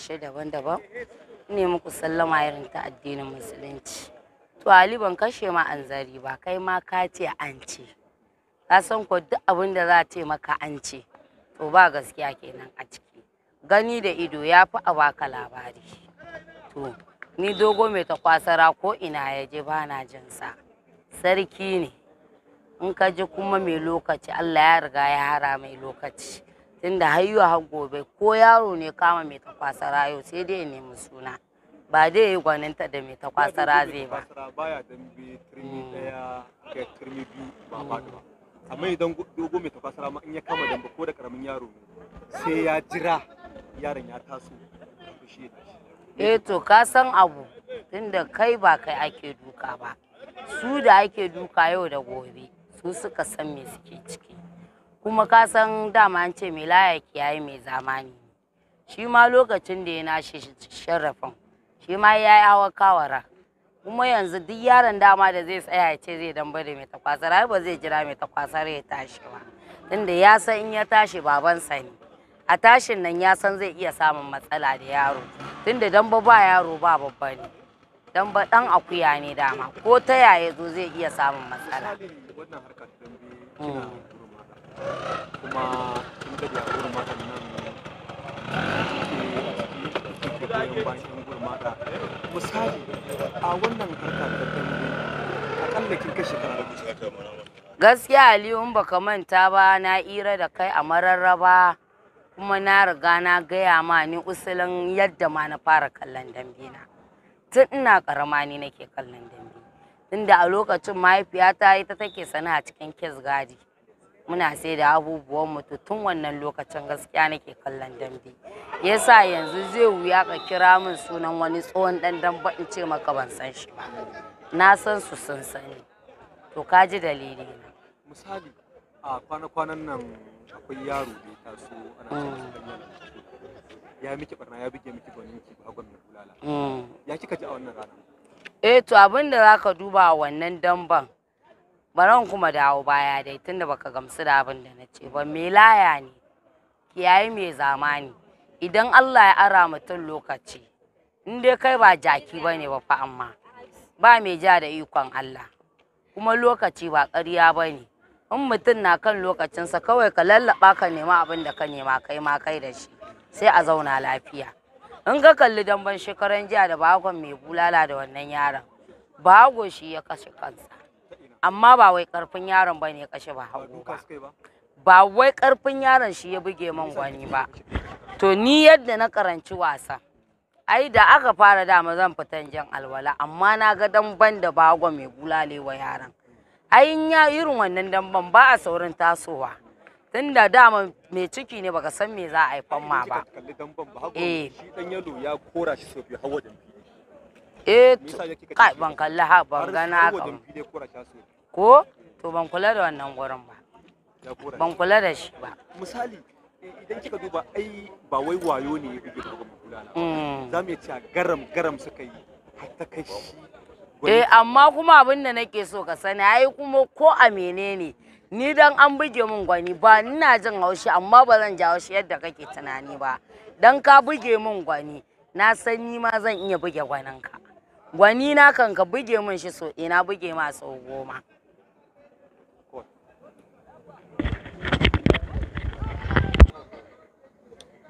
ƙasashe daban-daban ne muku sallama irin ta addinin musulunci to ali ban kashe ma anzari ba kai ma ka ce an ce ka san ko duk abin da za a maka an ce to ba gaskiya kenan a ciki gani da ido ya fi a baka labari to ni dogo mai ta kwasara ko ina ya je ba na jin sa sarki ne in ka ji kuma mai lokaci allah ya riga ya hara mai lokaci tunda yiwa har gobe ko yaro ne kama mai ta rayo sai dai ya nemi suna ba dai ya gwaninta da mai ta kwasa zai ba baya dambe daya hmm. ga biyu ba ba amma idan dogo mai ta ma in ya kama dambe ko da karamin yaro sai ya jira yaron ya taso shi eh to ka san abu tunda kai ba kai ake duka ba su da ake duka yau da gobe su suka san me suke ciki kuma ka san dama an ce mai ya yi mai zamani shi ma lokacin da ya nashi sharrafin shi ma ya yi hawa kawara kuma yanzu duk yaron dama da zai tsaya ya ce zai damba da mai takwasar ba zai jira mai takwasar ya tashi ba tunda ya san in ya tashi babansa ne a tashin nan ya san zai iya samun matsala da yaro tunda damba ba yaro ba babba ne damba dan akuya ne dama ko ta yaya zo zai iya samun matsala kuma sun gaji a mata gaskiya aliyu ba baka manta ba na ira da kai a mararraba kuma na riga na gaya ma ni usulin yadda ma na fara kallon dambe na tun ina karama ni nake kallon dambe tunda a lokacin mahaifiyata ita take sana a cikin kes gadi muna sai da abubuwan mutu tun wannan lokacin gaskiya nake kallon dambe yasa yanzu zai wuya ka kira min sunan wani tsohon dan damba in ce maka ban san shi ba na san su sun sani to ka ji dalili na misali a kwana-kwanan nan akwai yaro da ya taso ana mm. ya miki barna ya buge miki gwanin ki ba gwamnan bulala mm. ya kika ji a wannan rana eh to abin da zaka duba a wannan damban baran kuma dawo baya dai tunda baka gamsu da abin da na ce ba me laya ne kiyaye mai zamani idan Allah ya ara mutum lokaci in dai kai ba jaki ba ne ba fa amma ba mai ja da ikon Allah kuma lokaci ba ƙarya ba ne in mutum na kan lokacinsa kawai ka lallaɓa ka nema abin da ka nema kai ma kai da shi sai a zauna lafiya in ka kalli damban shekaran jiya da bakon mai bulala da wannan yaron bago shi ya kashe kansa amma ba wai karfin yaron ba ne kashe ba hagu ba ba wai karfin yaron shi ya buge man gwani ba to ni yadda na karanci wasa ai da aka fara dama zan fitan jan alwala amma na ga damban da bagwa mai bulale wa yaron ai ya irin wannan ban ba a saurin tasowa tunda dama mai ciki ne baka san me za a haifan ma ba eh shi dan yalo ya kora shi sofi hawa da eh kai ban kalli ha ban gana haka ko to ban kula da wannan gurin ba ban kula da shi ba misali eh, idan kika duba ai ba wai wayo ne ya buge da bulala hmm. za mu iya garam garam suka yi har ta kai shi eh amma kuma abin da nake so ka sani ai kuma ko a menene ni dan an buge min gwani ba ina jin haushi amma ba zan ja haushi yadda kake tunani ba dan ka buge min gwani na san ni ma zan iya buge gwaninka Gwani na kan ka buge min shi so ina buge ma sau goma.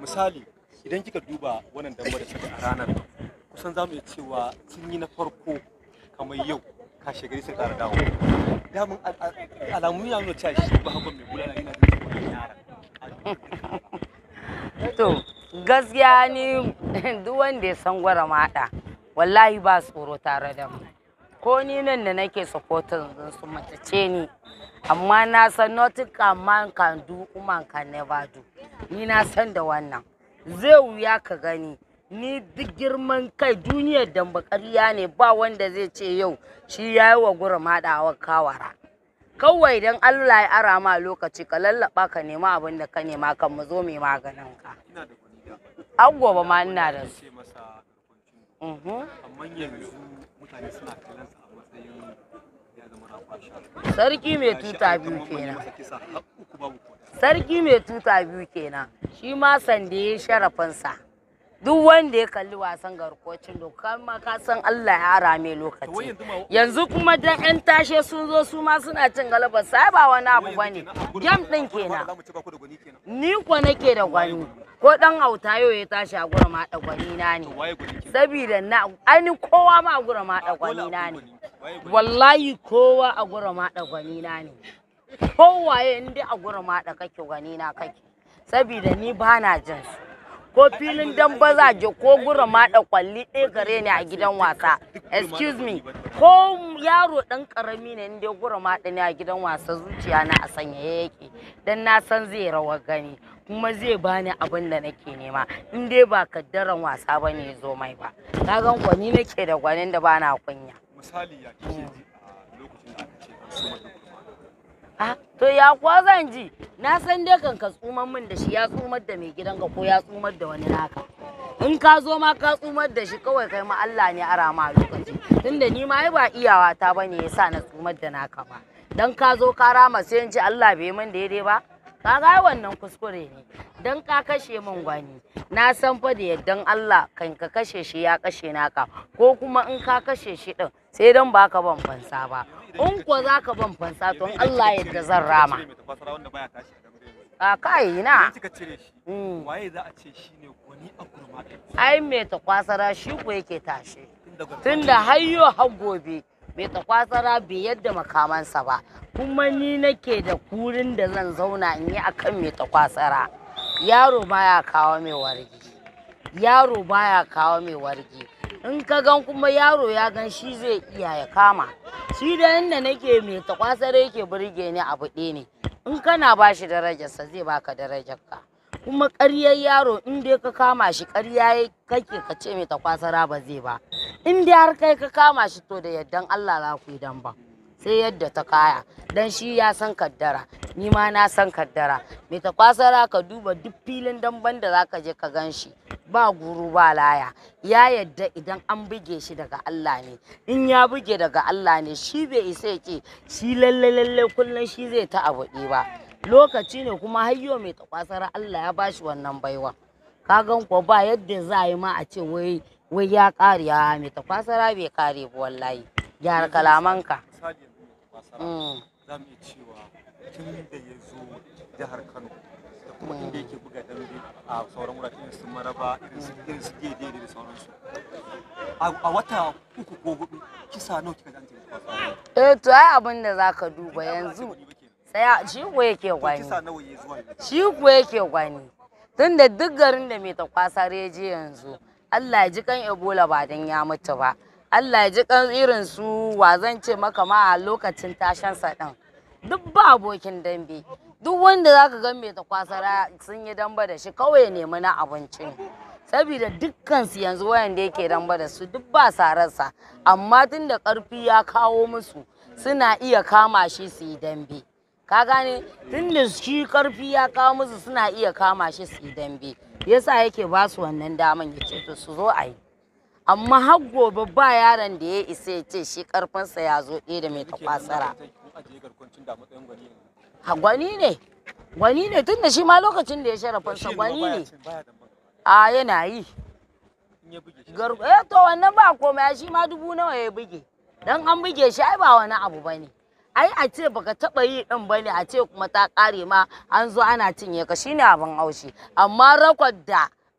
Misali idan kika duba wannan damba da suka a ranar kusan za mu iya cewa sun yi na farko kamar yau kashe gari sun ƙara dawo. Damun alamun ya nuna cewa shi ba hakan mai gudana yana da cikin yara. To gaskiya ni duk wanda ya san gwara maɗa. wallahi ba tsoro tare da mu ko ni nan da nake supporting din su matace ni amma na san not a man can do woman can never do ni na san da wannan zai wuya ka gani ni duk girman kai duniyar da bakariya ne ba wanda zai ce yau shi ya yi wa gura haɗawar kawara kawai dan allah ya ara ma lokaci ka lallaba ka nema abin da ka nema kan mu zo mai maganin ka an gobe ma ina da su amma mutane suna kallon a matsayin sarki mai tuta biyu kenan sarki mai tuta biyu kenan shi ma sande ya sharafansa duk wanda ya kalli wasan garkocin doka ma ka san Allah ya rame lokaci yanzu kuma dan yan tashe sun zo su ma suna cin galaba sai ba wani abu bane jam din kenan ni ko nake da gwani ko dan autayo ya tashi a gura ma da gwani na ne saboda na ani kowa ma a gura ma da gwani na ne wallahi kowa a gura ma da gwani na ne kowaye inda a gura ma da kake gwani na kake saboda ni ba na jin su ko filin dambe zage ko gura maɗa kwalli ɗaya gare ne a gidan wasa excuse me ko yaro ɗan karami ne inda gura maɗa ne a gidan wasa zuciya na a sanya yake dan na san zai rawa gani kuma zai bani abin da nake nema in dai ba kaddaran wasa ba ne zo mai ba ka gan kwani nake da gwanin da bana kunya misali ya kike a lokacin da aka ce Ah, to ya kuwa zan ji, na san dai kan ka tsumar min da shi ya tsumar da mai gidanka ko ya tsumar da wani naka. In ka zo ma ka tsumar da shi kawai kai ma Allah ne ara ma lokaci. Tunda ni ma ba iyawa ta bane yasa na tsumar da naka ba. Dan ka zo ka rama sai in ji Allah bai min daidai ba. Ka ga wannan kuskure ne. Dan ka kashe min gwani. Na san fa da yaddan Allah kan kashe shi ya kashe naka ko kuma in ka kashe shi din sai dan baka ban fansa ba. in kuwa za ka ban fansa to Allah ya da zan rama a kai na hmm. waye za a ce shine gwani a kurma ai me ta kwasara shi ko yake tashe tunda hayyo har gobe me ta kwasara bi yadda makamansa ba kuma ni nake da kurin da zan zauna in yi akan mai ta kwasara yaro baya kawo mai wargi yaro baya kawo mai wargi in ka gan kuma yaro ya gan shi zai iya ya kama shi da inda nake mai takwasar yake burge ni a buɗe ne in kana ba shi darajarsa zai baka darajar ka kuma ƙaryar yaro in dai ka kama shi ƙarya kake ka ce mai taƙwasara ba zai ba in dai har kai ka kama shi to da yardan Allah za ku yi dan sai yadda ta kaya dan shi ya san kaddara ni ma na san kaddara mai ta kwasara ka duba duk filin damban da za ka je ka gan shi ba guru ba laya ya yadda idan an buge shi daga Allah ne in ya buge daga Allah ne shi bai isa ce shi lalle lalle kullum shi zai ta abu ba lokaci ne kuma hayyo mai ta takwasara Allah ya bashi wannan baiwa ka gan ko ba yadda za a yi ma a ce wai wai ya kare ya mai takwasara bai kare ba wallahi gyara kalamanka nasara za mu iya cewa tun da ya zo jihar kano da kuma inda yake buga dambe a sauran ai abin zaka duba yanzu sai shi yake gwani shi yake gwani tun duk garin da mai takwasar ya je yanzu Allah ji kan Ebola ba dan ya mutu ba Allah ya ji kan irin su wa zan ce maka ma a lokacin sa ɗin. Duk ba abokin dambe. Duk wanda zaka ga mai ta kwasara sun yi damba da shi kawai nemi na abinci sabida Saboda dukkan su yanzu wayanda yake damba da su duk ba sararsa amma tun da ƙarfi ya kawo musu suna iya kama shi su yi dambe. Ka gane tun shi ƙarfi ya kawo musu suna iya kama shi su yi dambe. Yasa yake ba su wannan daman ya ce su zo a yi. amma har gobe ba yaron da ya isa ya ce shi karfinsa ya zo ɗaya da mai takwasara gwani ne gwani ne tun da shi ma lokacin da ya sharafinsa gwani ne a yana yi eh to wannan ba komai shi ma dubu nawa ya buge dan an buge shi ai ba wani abu bane ai a ce baka taba yi din bane a ce kuma ta kare ma an zo ana cinye ka shine abin haushi amma rakwar da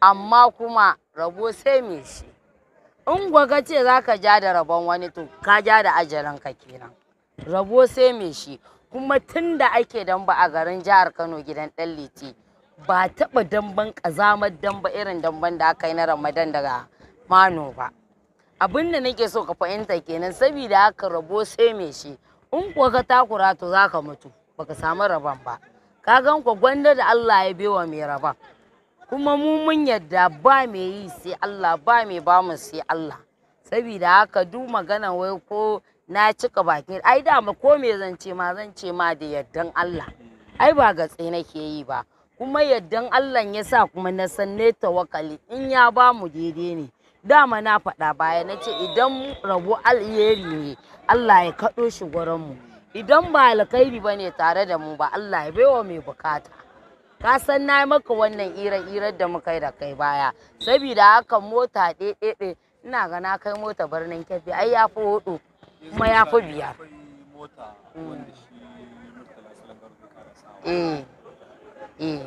amma kuma rabo sai me shi in gwaga ce za ka ja da rabon wani to ka ja da ka kenan rabo sai me shi kuma tun da ake damba a garin jihar kano gidan dan liti ba taba damban kazamar damba irin damban da aka yi na ramadan daga mano ba abin da nake so ka fahimta kenan saboda haka rabo sai me shi in kuwa ka takura to za ka mutu baka samu rabon ba ka gan ku gwanda da allah ya bewa mai rabon kuma mu mun yadda ba mai yi sai Allah ba mai ba mu sai Allah saboda haka duk magana wai ko na cika bakin ai dama ko me zan ce ma zan ce ma da yardan Allah ai ba gatsi nake yi ba kuma yaddan Allah ya sa kuma na san ne tawakali in ya ba mu daidai ne dama na faɗa baya na ce idan rabu alheri ne Allah ya kaɗo shi mu idan ba alkhairi ba ne tare da mu ba Allah ya baiwa mai bukata ka san na maka wannan ira-irar da muka yi da kai baya sabida haka mota ɗaiɗaiɗai ina ga na kai mota birnin kebbi ai ya fi hudu kuma ya fi biyar mm. eh eh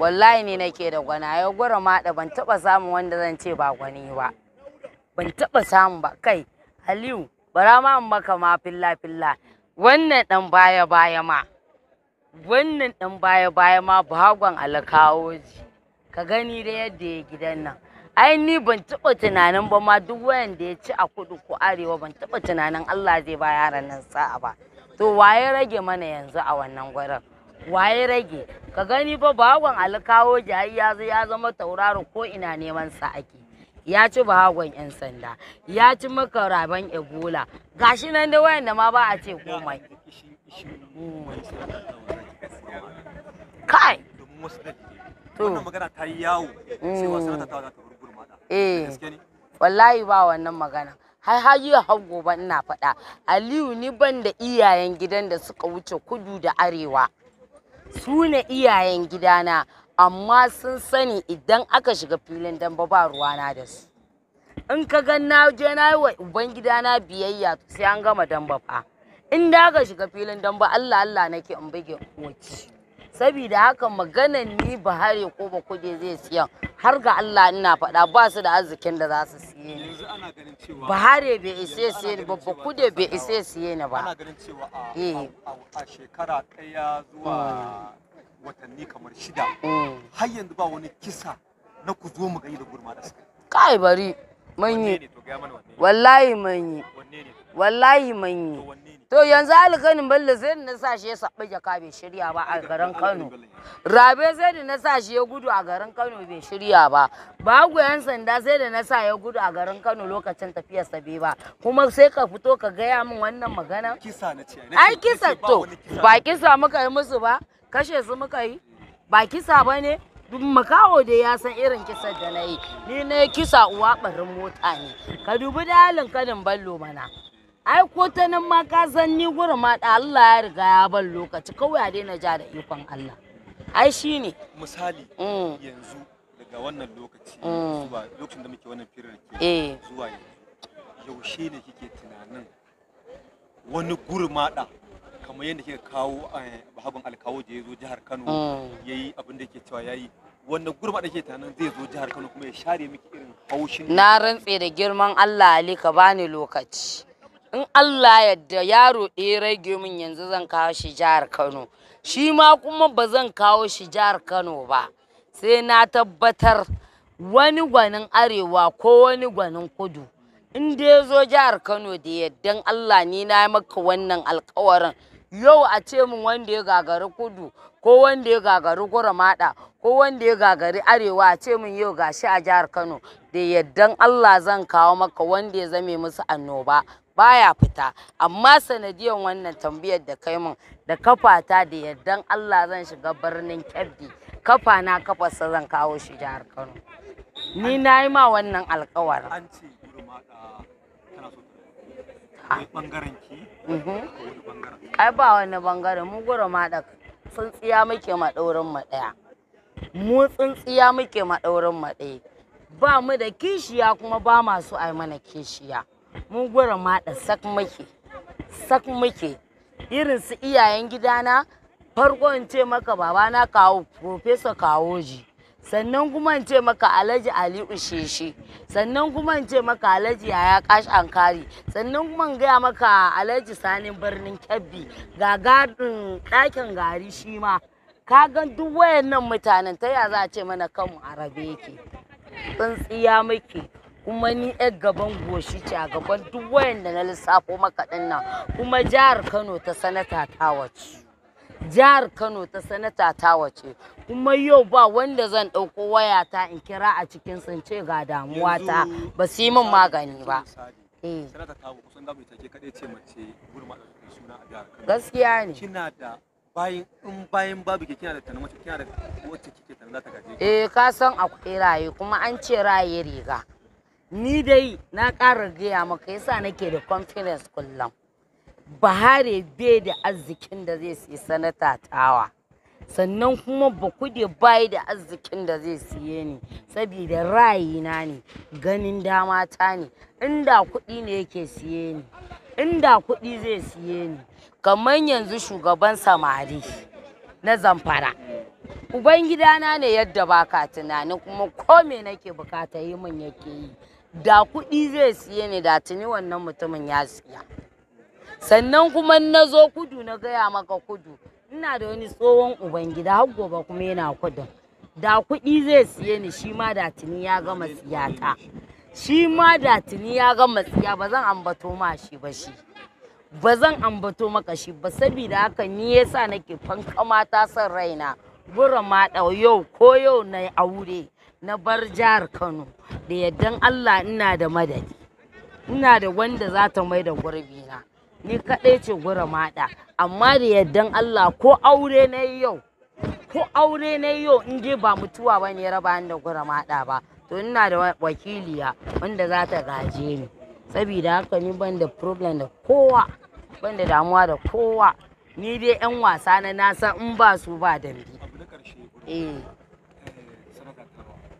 wallahi ne nake da gwanaye gwara ma da ban taba samun wanda zan ce ba gwani ba ban taba samu ba kai aliyu bara ma maka ma filla filla wannan ɗan baya-baya ma wannan ɗan baya-baya ma bagon alkawoji ka gani da yadda ya gidan nan ai ni ban taɓa tunanin ba ma duk wayanda ya ci a kudu ko arewa ban taɓa tunanin Allah zai ba yaran nan sa'a ba to waye rage mana yanzu a wannan gurin? waye rage ka gani ba bagon alkawoji har ya zama tauraro ko ina neman sa ake ya ci bahagon 'yan sanda ya ci maka raben ebola gashi nan da wayan da ma ba a ce komai kai wannan magana ta yi yawo eh wallahi ba wannan magana Hai yi gobe ina faɗa aliyu ni ban da iyayen gidan da suka wuce kudu da arewa su iyayen gidana amma sun sani idan aka shiga filin dan ba ruwana da su in ka ga na je na yi wa ubangida na biyayya sai an gama ba fa in da aka shiga filin ba Allah Allah nake in bige wace saboda haka maganan ni ba hare ko ba kuje zai siya har ga Allah ina faɗa ba su da arzikin da za su siye ni ba hare bai ise siye ni ba kuje bai ise siye ni ba ana ganin cewa a eh. shekara ɗaya zuwa hmm. watanni kamar shida har yanzu ba wani kisa na ku zo mu gani da gurma da suka kai bari manyi wallahi manyi wallahi manyi to yanzu alkanin balle sai na sa shi ya sabbi jaka bai shirya ba a garin Kano rabe sai da na sa shi ya gudu a garin Kano bai shirya ba bago yan sanda sai da na sa ya gudu a garin Kano lokacin tafiyar sa ba kuma sai ka fito ka gaya min wannan magana kisa na ce ai kisa to ba kisa muka yi musu ba kashe su muka yi ba kisa ba ne makaho da ya san irin kisar da na yi ni na yi kisa uwa barin mota ne ka dubi dalin kanin ballo mana ai ko ta nan ma ka san ni gurin ma da Allah ya riga ya ban lokaci kawai a daina ja da ikon Allah ai shine misali mm. yanzu daga wannan lokaci mm. zuwa lokacin da muke wannan firar ke eh. zuwa yaushe ne kike tunanin wani da? kamar yadda ke kawo eh, bahagun alkawo da ya zo jihar kano ah. ya yi abin da ke cewa ya yi wanda gurma da ke tanan zai zo jihar kano kuma ya share miki irin haushin na rantse da girman allah ali ka bani lokaci in allah yadda yaro ɗaya rage min yanzu zan kawo shi jihar kano shi ma kuma ba zan kawo shi jihar kano ba sai na tabbatar wani gwanin arewa ko wani gwanin kudu in da ya zo jihar kano da yaddan allah ni na maka wannan alkawarin Yau a ce min wanda ya gagari kudu ko wanda ya gagari gurmaɗa ko wanda ya gagari arewa a ce min yau gashi a jihar Kano da yaddan Allah zan kawo maka wanda ya zame musu annoba baya fita amma sanadiyan wannan tambayar da kai mun da kafata da yaddan Allah zan shiga birnin Kebbi kafa na kafarsa zan kawo shi jihar Kano ni na yi ma wannan alkawarin Mhm. ai ba wani bangare mu gura ma da tsintsiya muke ma daurin mu daya tsintsiya muke ma daurin ba mu da kishiya kuma ba masu ai mana kishiya mu gura ma da sak muke sak muke irin su iyayen gidana farko in ce maka babana kawo professor kawoji sannan kuma in ce maka alhaji ali usheshe sannan kuma in ce maka alhaji yaya kash ankari sannan kuma in gaya maka alhaji sanin birnin kebbi ga gadin ɗakin gari shi ma ka gan duk wayannan mutanen ta ya za a ce mana kanmu a rabe yake tsintsiya muke kuma ni yar gaban goshi ce a gaban duk wayanda na lissafo maka ɗin kuma jihar kano ta sanata ta wace jihar Kano ta sanata ta wace kuma yau ba wanda zan ɗauko wayata in kira a cikin sun ce ga damuwa ta ba su yi min magani ba. Eh. Gaskiya ne. Kina da bayan in bayan babu ke kina da tana mace kina da wacce kike tana za ta gaje. Eh ka san akwai raye kuma an ce raye riga. Ni dai na ƙara gaya maka yasa nake da confidence kullum. bahare bai da arzikin da zai siya sanata tawa sannan kuma ba bayi da arzikin da zai siye ni saboda ra'ayina ne ganin dama ta ne inda kuɗi ne yake siye ni inda kuɗi zai siye ni kamar yanzu shugaban samari na zamfara ubangidana ne yadda baka tunani kuma ko me nake bukata yi min yake yi da kuɗi zai siye ni da tuni wannan mutumin ya siya sannan kuma na zo kudu na gaya maka kudu ina da wani tsohon ubangida har gobe kuma yana kudin da kuɗi zai siye ni shi ma da tuni ya gama siyata shi ma da tuni ya gama siya ba zan ambato ma shi ba shi ba zan ambato maka shi ba saboda haka ni yasa nake fankama ta son raina bura ma yau ko yau na aure na bar jihar Kano da yaddan Allah ina da madadi ina da wanda za ta mai da gurbi ni kaɗai ce gura maɗa amma da yardan Allah ko aure na yau ko aure na yau in je ba mutuwa ba ne raba ni da gura maɗa ba to ina da wakiliya wanda za ta gaje ni saboda haka ni ban da problem da kowa ban da damuwa da kowa ni dai yan wasa na nasa in ba su ba da ni. Eh.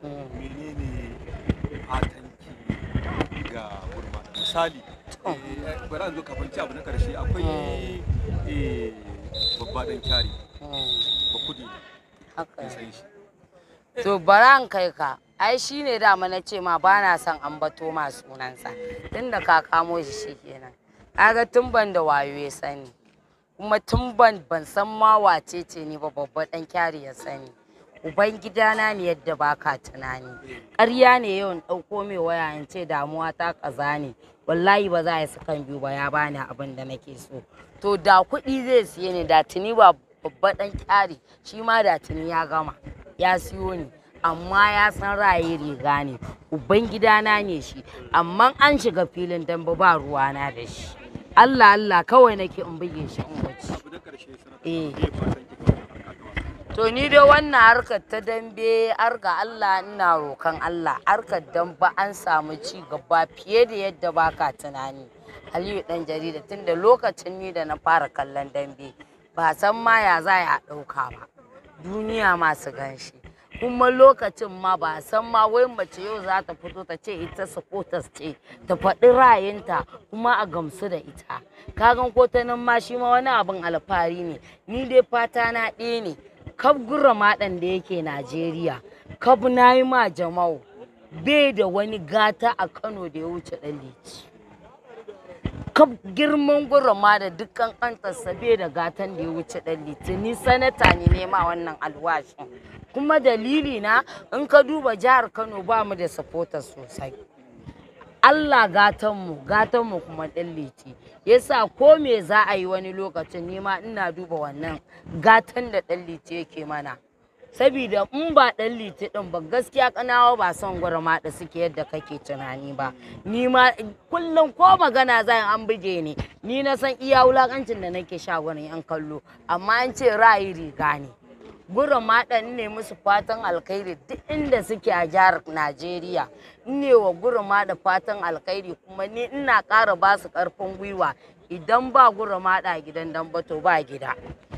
Eh, misali Eh, bari an zo kafin ci abu na karshe akwai hmm. eh, babba kyari hmm. ba kudi to bari kai ka ai shi ne dama na ce ma ba na son an bato ma sunansa tunda ka kamo shi shi kenan kaga tun ban da wayo ya sani kuma tun ban san ma wace ce ne ba babba dan kyari ya sani ubangidana ne yadda baka tunani ƙarya ne yawan ɗauko mai waya in ce damuwa ta kaza ne wallahi ba za a yi sakan biyu ba ya bani abin da nake so to da kuɗi zai siye ni da tuni ba babba ɗan kyari shi ma da tuni ya gama ya siyo ni amma ya san raye riga ne uban gidana ne shi amma an shiga filin dambe ba ruwana da shi Allah Allah kawai nake in buge shi in wuce. Eh. to ni dai wannan harkar ta dambe ga Allah ina rokan Allah harkar damba an samu ci gaba fiye da yadda baka tunani Aliyu dan jarida tunda lokacin ni da na fara kallon dambe ba san ma ya za a ɗauka ba duniya masu ganshi kuma lokacin ma ba san ma wai mace yau za ta fito ta ce ita supporters ce ta faɗi ra'ayinta kuma a gamsu da ita kagan ko ta nan ma shi ma wani abin alfahari ne ni dai fata na ɗaya ne kab gura maɗan da yake Najeriya kab na yi ma jama'u bai da wani gata a Kano da ya wuce ɗan liti. Kab girman ma da dukkan ƙantarsa bai da gatan da ya wuce ɗan liti ni sanata ne nema wannan alwashin. Kuma dalili na in ka duba jihar Kano ba mu da supporters sosai. Allah gatanmu gatanmu kuma ɗan ya yasa ko me za a yi wani lokacin nima ina duba wannan gatan da ɗan liti yake mana sabida in ba ɗan liti ɗin ba gaskiya kanawa ba son gwarma da suke yadda kake tunani ba ni ma kullum ko magana zan an buge ni ni na san iya wulakancin da nake sha gurin yan kallo amma an ce ra'ayi riga ne Gura maɗan ne musu fatan alkhairi duk inda suke a jihar najeriya ne wa gura maɗa fatan alkhairi kuma ni ina ƙara ba su ƙarfin gwiwa idan ba gura maɗa gidan dambato ba gida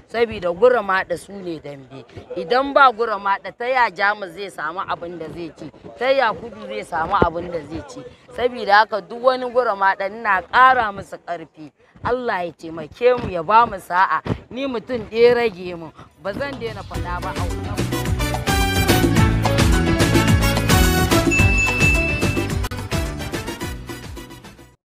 saboda gura maɗa su ne dambe idan ba gura maɗa, ta ya jamus zai samu abin da zai ci ta ya kudu zai samu abin da zai ci saboda haka duk wani gura maɗa na ƙara musu ƙarfi Allah ya taimake mu ya ba mu sa'a ni mutum ɗaya rage mu ba zan daina faɗa ba a